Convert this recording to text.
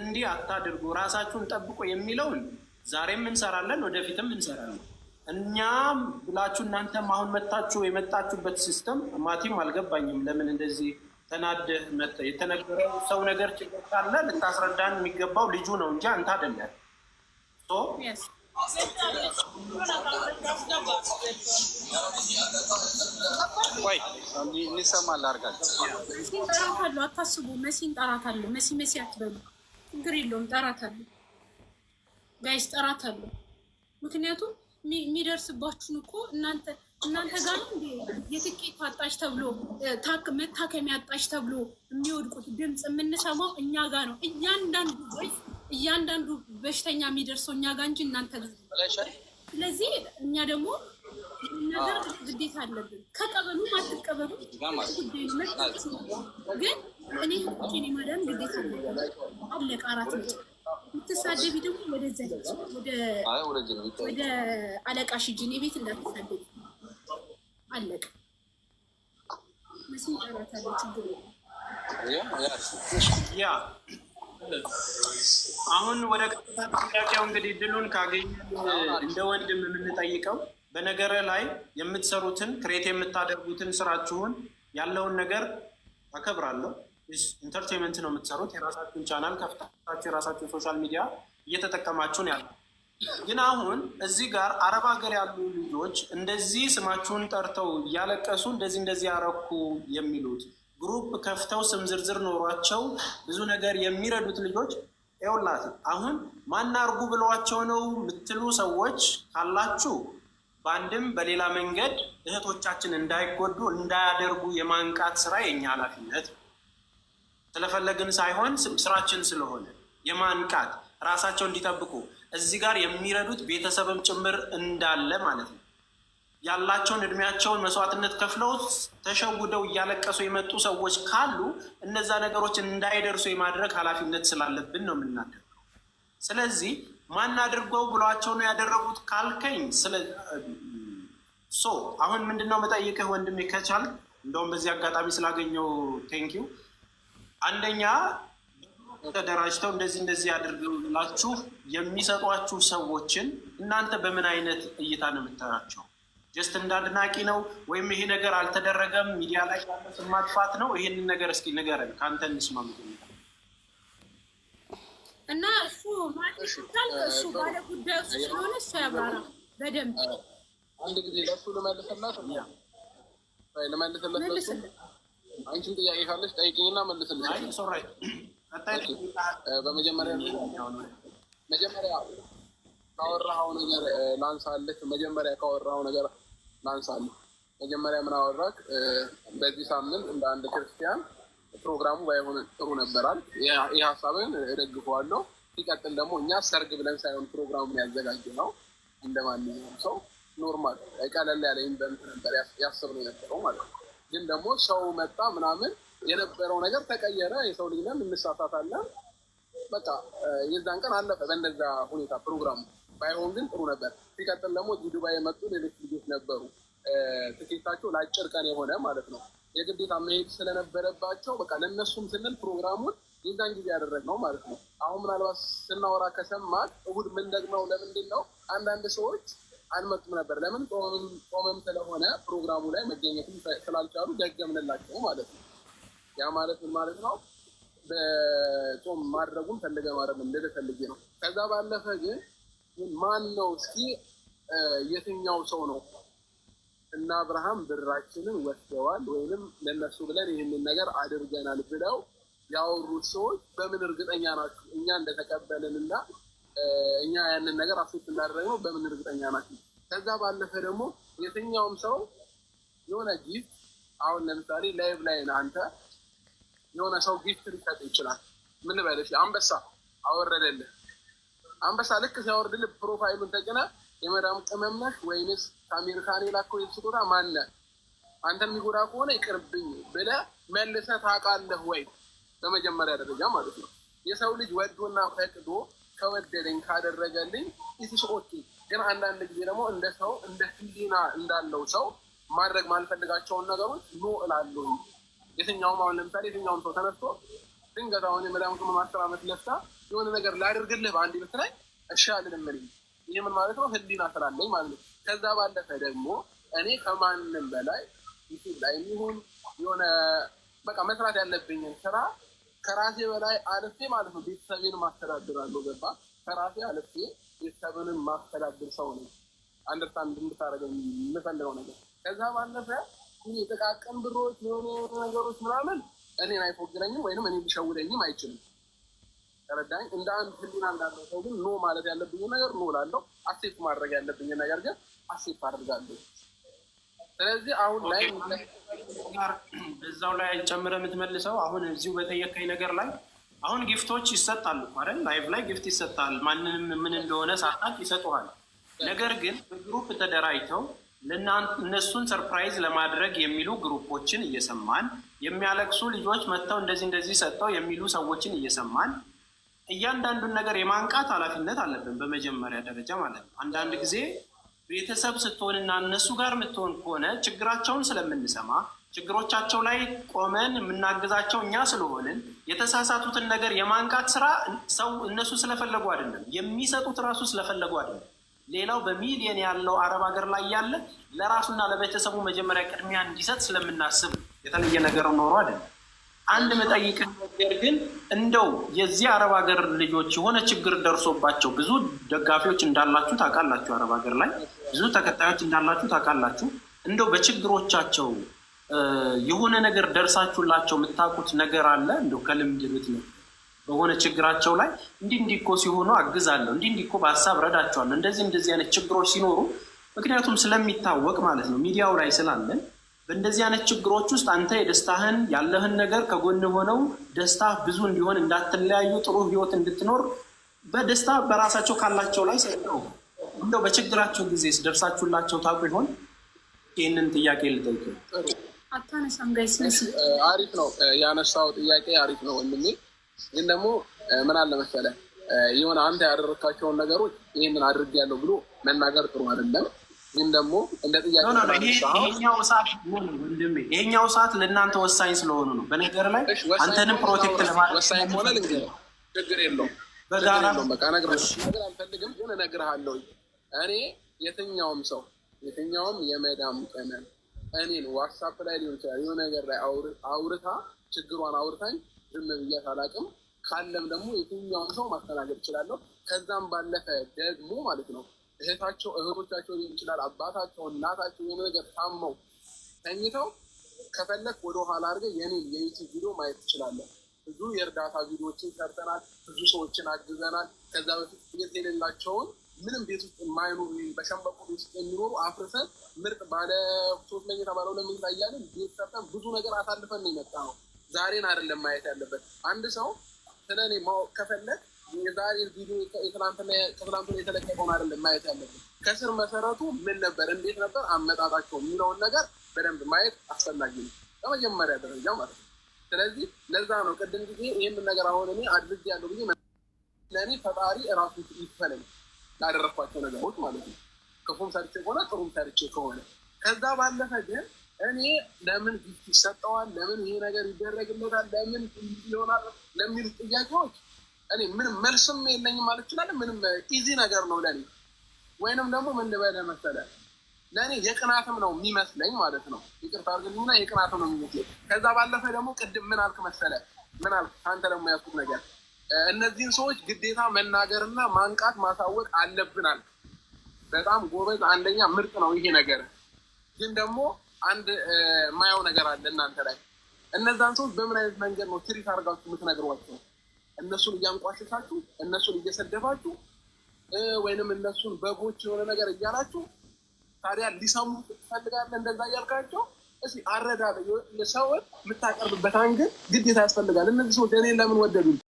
እንዲህ አታድርጉ፣ ራሳችሁን ጠብቁ የሚለውን ዛሬም እንሰራለን፣ ወደፊትም እንሰራለን። እኛም ብላችሁ እናንተም አሁን መታችሁ የመጣችሁበት ሲስተም ማቲም አልገባኝም። ለምን እንደዚህ ተናደህ መጠ የተነገረው ሰው ነገር ችግር ካለ ልታስረዳን የሚገባው ልጁ ነው እንጂ አንተ አይደለም። እንሰማለን። አርጋችሁ መሲን ጠራት አለው። መሲ መሲ አትበሉ ችግር የለውም። ጠራት ጋይስ፣ ጠራት ምክንያቱም የሚደርስባችሁን እኮ እናንተ እናንተ ጋር የትኬት አጣች ተብሎ መታከሚያ አጣች ተብሎ የሚወድቁት ድምፅ የምንሰማው እኛ ጋር ነው። እያንዳንዱ እያንዳንዱ በሽተኛ የሚደርሰው እኛ ጋር እንጂ እናንተ ጋር። ስለዚህ እኛ ደግሞ ነገር ግዴታ አለብን። ከቀበሉ አትቀበሉ ጉዳይ ግን እኔ ህቁቄን የማዳን ግዴታ አለብን። አለቀ። አራት ነጭ የምትሳደቢ ደግሞ ወደዛ ወደ አለቃሽ ሂጂ። እኔ ቤት እንዳትሳደቢ። አለቀ። መስሚ ጠራታለሁ። ችግር ያ አሁን ወደ ጥያቄው እንግዲህ ድሉን ካገኘን እንደ ወንድም የምንጠይቀው በነገር ላይ የምትሰሩትን ክሬት የምታደርጉትን ስራችሁን ያለውን ነገር አከብራለሁ። ኢንተርቴንመንት ነው የምትሰሩት። የራሳችሁን ቻናል ከፍታችሁ የራሳችሁን ሶሻል ሚዲያ እየተጠቀማችሁ ያለ ግን አሁን እዚህ ጋር አረብ ሀገር ያሉ ልጆች እንደዚህ ስማችሁን ጠርተው እያለቀሱ እንደዚህ እንደዚህ ያረኩ የሚሉት ግሩፕ ከፍተው ስም ዝርዝር ኖሯቸው ብዙ ነገር የሚረዱት ልጆች ይኸውላት አሁን ማናርጉ ብለዋቸው ነው የምትሉ ሰዎች ካላችሁ በአንድም በሌላ መንገድ እህቶቻችን እንዳይጎዱ እንዳያደርጉ የማንቃት ስራ የኛ ኃላፊነት ስለፈለግን ሳይሆን ስራችን ስለሆነ የማንቃት ራሳቸው እንዲጠብቁ እዚህ ጋር የሚረዱት ቤተሰብም ጭምር እንዳለ ማለት ነው። ያላቸውን እድሜያቸውን መስዋዕትነት ከፍለው ተሸውደው እያለቀሱ የመጡ ሰዎች ካሉ እነዛ ነገሮች እንዳይደርሱ የማድረግ ኃላፊነት ስላለብን ነው የምናደርገው። ስለዚህ ማን አድርገው ብሏቸው ነው ያደረጉት ካልከኝ፣ ስለ ሶ አሁን ምንድነው መጠይቅህ ወንድሜ ከቻል እንደውም በዚህ አጋጣሚ ስላገኘው ቴንኪ አንደኛ ተደራጅተው እንደዚህ እንደዚህ ያደርግላችሁ የሚሰጧችሁ ሰዎችን እናንተ በምን አይነት እይታ ነው የምታያቸው? ጀስት እንደ አድናቂ ነው ወይም ይሄ ነገር አልተደረገም ሚዲያ ላይ ያለ ስም ማጥፋት ነው? ይሄንን ነገር እስኪ ንገረን፣ ከአንተ እንስማ። እና እሱ እሱ ባለ ስለሆነ እሱ ያብራራ በደንብ። አንድ ጊዜ ለሱ ልመልስላት ልመልስለት፣ አንቺን ጥያቄ ካለች ጠይቅኝና መልስልሽ። በመጀመሪያ መጀመሪያ ካወራኸው ነገር መጀመሪያ ካወራኸው ነገር ላንሳልህ መጀመሪያ ምን አወራክ? በዚህ ሳምንት እንደ አንድ ክርስቲያን ፕሮግራሙ ባይሆን ጥሩ ነበራል። ይህ ሀሳብን እደግፈዋለሁ። ሲቀጥል ደግሞ እኛ ሰርግ ብለን ሳይሆን ፕሮግራሙን ነው እንደ ማንኛውም ሰው ኖርማል ቀለል ያለ ኢንቨንት ነበር ነው የነበረው ማለት ነው። ግን ደግሞ ሰው መጣ ምናምን የነበረው ነገር ተቀየረ። የሰው ልጅ ነን እንሳሳታለን። በቃ የዛን ቀን አለፈ በእንደዛ ሁኔታ ፕሮግራሙ ባይሆን ግን ጥሩ ነበር። ሲቀጥል ደግሞ እዚህ ዱባይ የመጡ ሌሎች ልጆች ነበሩ። ትኬታቸው ለአጭር ቀን የሆነ ማለት ነው የግዴታ መሄድ ስለነበረባቸው በቃ ለእነሱም ስንል ፕሮግራሙን የዛን ጊዜ ያደረግነው ማለት ነው። አሁን ምናልባት ስናወራ ከሰማት እሁድ ምን ደግመው ለምንድን ነው አንዳንድ ሰዎች አልመጡም ነበር። ለምን ጾምም ስለሆነ ፕሮግራሙ ላይ መገኘትም ስላልቻሉ ደገምንላቸው ማለት ነው። ያ ማለት ምን ማለት ነው? በጾም ማድረጉም ፈልገ ማድረግ እንደተፈልጌ ነው። ከዛ ባለፈ ግን ማን ነው እስኪ የትኛው ሰው ነው እና አብርሃም ብራችንን ወስደዋል ወይንም ለነሱ ብለን ይህንን ነገር አድርገናል ብለው ያወሩት ሰዎች በምን እርግጠኛ ናችሁ? እኛ እንደተቀበልን እና እኛ ያንን ነገር አሴት እንዳደረግነው በምን እርግጠኛ ናችሁ? ከዛ ባለፈ ደግሞ የትኛውም ሰው የሆነ ጊፍት አሁን ለምሳሌ ላይቭ ላይ አንተ የሆነ ሰው ጊፍት ሊሰጥ ይችላል። ምን ልበልሽ? አንበሳ አወረደልህ። አንበሳ ልክ ሲያወርድልህ ፕሮፋይሉን ተጭነህ የመዳም ቅመም ነሽ ወይንስ ከአሜሪካን የላከው ስጦታ ማነ አንተ የሚጎዳ ከሆነ ይቅርብኝ ብለ መልሰ ታውቃለህ ወይ? በመጀመሪያ ደረጃ ማለት ነው። የሰው ልጅ ወዶና ፈቅዶ ከወደደኝ ካደረገልኝ ኢትስኦቲ ግን አንዳንድ ጊዜ ደግሞ እንደ ሰው እንደ ህሊና እንዳለው ሰው ማድረግ ማልፈልጋቸውን ነገሮች ኖ እላለሁ። የትኛውም አሁን ለምሳሌ የትኛውም ሰው ተነስቶ ድንገት አሁን የመዳም ቅመም አስር ዓመት ለፍታ የሆነ ነገር ላደርግልህ በአንድ ይበት ላይ እሺ አልልም። ይህ ምን ማለት ነው? ህሊና ስላለኝ ማለት ነው። ከዛ ባለፈ ደግሞ እኔ ከማንም በላይ ዩቱብ ላይ የሚሆን የሆነ በቃ መስራት ያለብኝን ስራ ከራሴ በላይ አልፌ ማለት ነው ቤተሰቤን ማስተዳድራለሁ። ገባ? ከራሴ አልፌ ቤተሰብንም ማስተዳድር ሰው ነው። አንደርስታንድ እንድታደረገ የምፈልገው ነገር ከዛ ባለፈ የጥቃቅን ብሮች የሆኑ ነገሮች ምናምን እኔን አይፎግረኝም ወይንም እኔ ሊሸውደኝም አይችልም። ተረዳኝ። እንደ አንድ ህሊና እንዳለው ሰው ግን ኖ ማለት ያለብኝ ነገር ኖ ላለው አሴት ማድረግ ያለብኝ ነገር ግን አሴፍ አድርጋሉ። ስለዚህ አሁን ላይ በዛው ላይ ጨምረ የምትመልሰው አሁን እዚሁ በጠየቀኝ ነገር ላይ አሁን ጊፍቶች ይሰጣሉ አይደል? ላይቭ ላይ ጊፍት ይሰጣል። ማንንም ምን እንደሆነ ሳታቅ ይሰጡሃል። ነገር ግን በግሩፕ ተደራጅተው እነሱን ሰርፕራይዝ ለማድረግ የሚሉ ግሩፖችን እየሰማን የሚያለቅሱ ልጆች መጥተው እንደዚህ እንደዚህ ሰጠው የሚሉ ሰዎችን እየሰማን እያንዳንዱን ነገር የማንቃት ኃላፊነት አለብን በመጀመሪያ ደረጃ ማለት ነው። አንዳንድ ጊዜ ቤተሰብ ስትሆንና እነሱ ጋር የምትሆን ከሆነ ችግራቸውን ስለምንሰማ ችግሮቻቸው ላይ ቆመን የምናግዛቸው እኛ ስለሆንን የተሳሳቱትን ነገር የማንቃት ስራ ሰው እነሱ ስለፈለጉ አይደለም የሚሰጡት ራሱ ስለፈለጉ አይደለም። ሌላው በሚሊየን ያለው አረብ ሀገር ላይ ያለ ለራሱና ለቤተሰቡ መጀመሪያ ቅድሚያ እንዲሰጥ ስለምናስብ የተለየ ነገር ኖሮ አይደለም። አንድ መጠይቅ ነገር ግን እንደው የዚህ አረብ ሀገር ልጆች የሆነ ችግር ደርሶባቸው ብዙ ደጋፊዎች እንዳላችሁ ታውቃላችሁ አረብ ሀገር ላይ ብዙ ተከታዮች እንዳላችሁ ታውቃላችሁ። እንደው በችግሮቻቸው የሆነ ነገር ደርሳችሁላቸው የምታውቁት ነገር አለ? እንደው ከልምድ ምት ነው በሆነ ችግራቸው ላይ እንዲህ እንዲህ እኮ ሲሆኑ አግዛለሁ፣ እንዲህ እንዲህ እኮ በሀሳብ ረዳቸዋለሁ፣ እንደዚህ እንደዚህ አይነት ችግሮች ሲኖሩ ምክንያቱም ስለሚታወቅ ማለት ነው ሚዲያው ላይ ስላለን በእንደዚህ አይነት ችግሮች ውስጥ አንተ የደስታህን ያለህን ነገር ከጎን ሆነው ደስታ ብዙ እንዲሆን እንዳትለያዩ ጥሩ ህይወት እንድትኖር በደስታ በራሳቸው ካላቸው ላይ ሰጠው እንደው በችግራቸው ጊዜ ደርሳችሁላቸው ታውቁ ይሆን? ይህንን ጥያቄ ልጠይቅ። አሪፍ ነው ያነሳው ጥያቄ አሪፍ ነው ወንድሜ። ግን ደግሞ ምን አለ መሰለህ የሆነ አንተ ያደረካቸውን ነገሮች ይህንን አድርጌያለሁ ብሎ መናገር ጥሩ አይደለም። ግን ደግሞ እንደ ጥያቄ ይሄኛው ሰዓት ለእናንተ ወሳኝ ስለሆኑ ነው። በነገር ላይ አንተንም ፕሮቴክት ለማድረግ ሆነ ልንገርህ፣ ችግር የለውም በጋራ በቃ ነገር አልፈልግም ግን እነግርሃለሁ እኔ የትኛውም ሰው የትኛውም የመዳም ቀመን እኔን ዋትሳፕ ላይ ሊሆን ይችላል የሆነ ነገር ላይ አውርታ ችግሯን አውርታኝ ዝም ብያት አላውቅም። ካለም ደግሞ የትኛውም ሰው ማስተናገድ እችላለሁ። ከዛም ባለፈ ደግሞ ማለት ነው እህታቸው እህቶቻቸው ሊሆን ይችላል አባታቸው፣ እናታቸው የሆነ ነገር ታመው ተኝተው ከፈለክ ወደ ኋላ አድርገህ የኔን የዩቲዩብ ቪዲዮ ማየት ትችላለህ። ብዙ የእርዳታ ቪዲዮዎችን ሰርተናል። ብዙ ሰዎችን አግዘናል። ከዛ በፊት የሌላቸውን ምንም ቤት ውስጥ የማይኖሩ በሸንበቆ ውስጥ የሚኖሩ አፍርሰን ምርጥ ባለ ሶስት መኝታ የተባለው ለምን ታያለን? ቤት ሰርተን ብዙ ነገር አሳልፈን ነው የመጣ ነው። ዛሬን አይደለም ማየት ያለበት። አንድ ሰው ስለ እኔ ማወቅ ከፈለግ የዛሬ ቪዲዮ ከትላንትና የተለቀቀውን አይደለም ማየት ያለበት። ከስር መሰረቱ ምን ነበር፣ እንዴት ነበር አመጣጣቸው የሚለውን ነገር በደንብ ማየት አስፈላጊ ነው፣ ለመጀመሪያ ደረጃ ማለት ነው። ስለዚህ ለዛ ነው ቅድም ጊዜ ይህንን ነገር አሁን እኔ አድርጌ ያለው ጊዜ ለእኔ ፈጣሪ እራሱ ይፈለኝ ላደረኳቸው ነገሮች ማለት ነው። ክፉም ሰርቼ ከሆነ ጥሩም ሰርቼ ከሆነ ከዛ ባለፈ ግን እኔ ለምን ጊፍት ይሰጠዋል፣ ለምን ይሄ ነገር ይደረግለታል፣ ለምን ይሆናል ለሚሉ ጥያቄዎች እኔ ምንም መልስም የለኝም ማለት ይችላል። ምንም ኢዚ ነገር ነው ለኔ። ወይንም ደግሞ ምን ልበለ ለእኔ የቅናትም ነው የሚመስለኝ ማለት ነው። ይቅርታ አድርግልኝና የቅናትም ነው የሚመስለኝ። ከዛ ባለፈ ደግሞ ቅድም ምን አልክ መሰለ ምን አልክ አንተ ደግሞ ያልኩት ነገር እነዚህን ሰዎች ግዴታ መናገርና ማንቃት ማሳወቅ አለብናል። በጣም ጎበዝ፣ አንደኛ ምርጥ ነው ይሄ ነገር። ግን ደግሞ አንድ ማየው ነገር አለ እናንተ ላይ። እነዛን ሰዎች በምን አይነት መንገድ ነው ትሪት አድርጋችሁ የምትነግሯቸው? እነሱን እያንቋሸሻችሁ፣ እነሱን እየሰደፋችሁ፣ ወይንም እነሱን በጎች የሆነ ነገር እያላችሁ ታዲያ ሊሰሙ ትፈልጋለህ? እንደዛ እያልካቸው እስኪ አረዳ ሰውን የምታቀርብበት አንግል ግዴታ ያስፈልጋል። እነዚህ ሰዎች እኔ ለምን ወደዱ?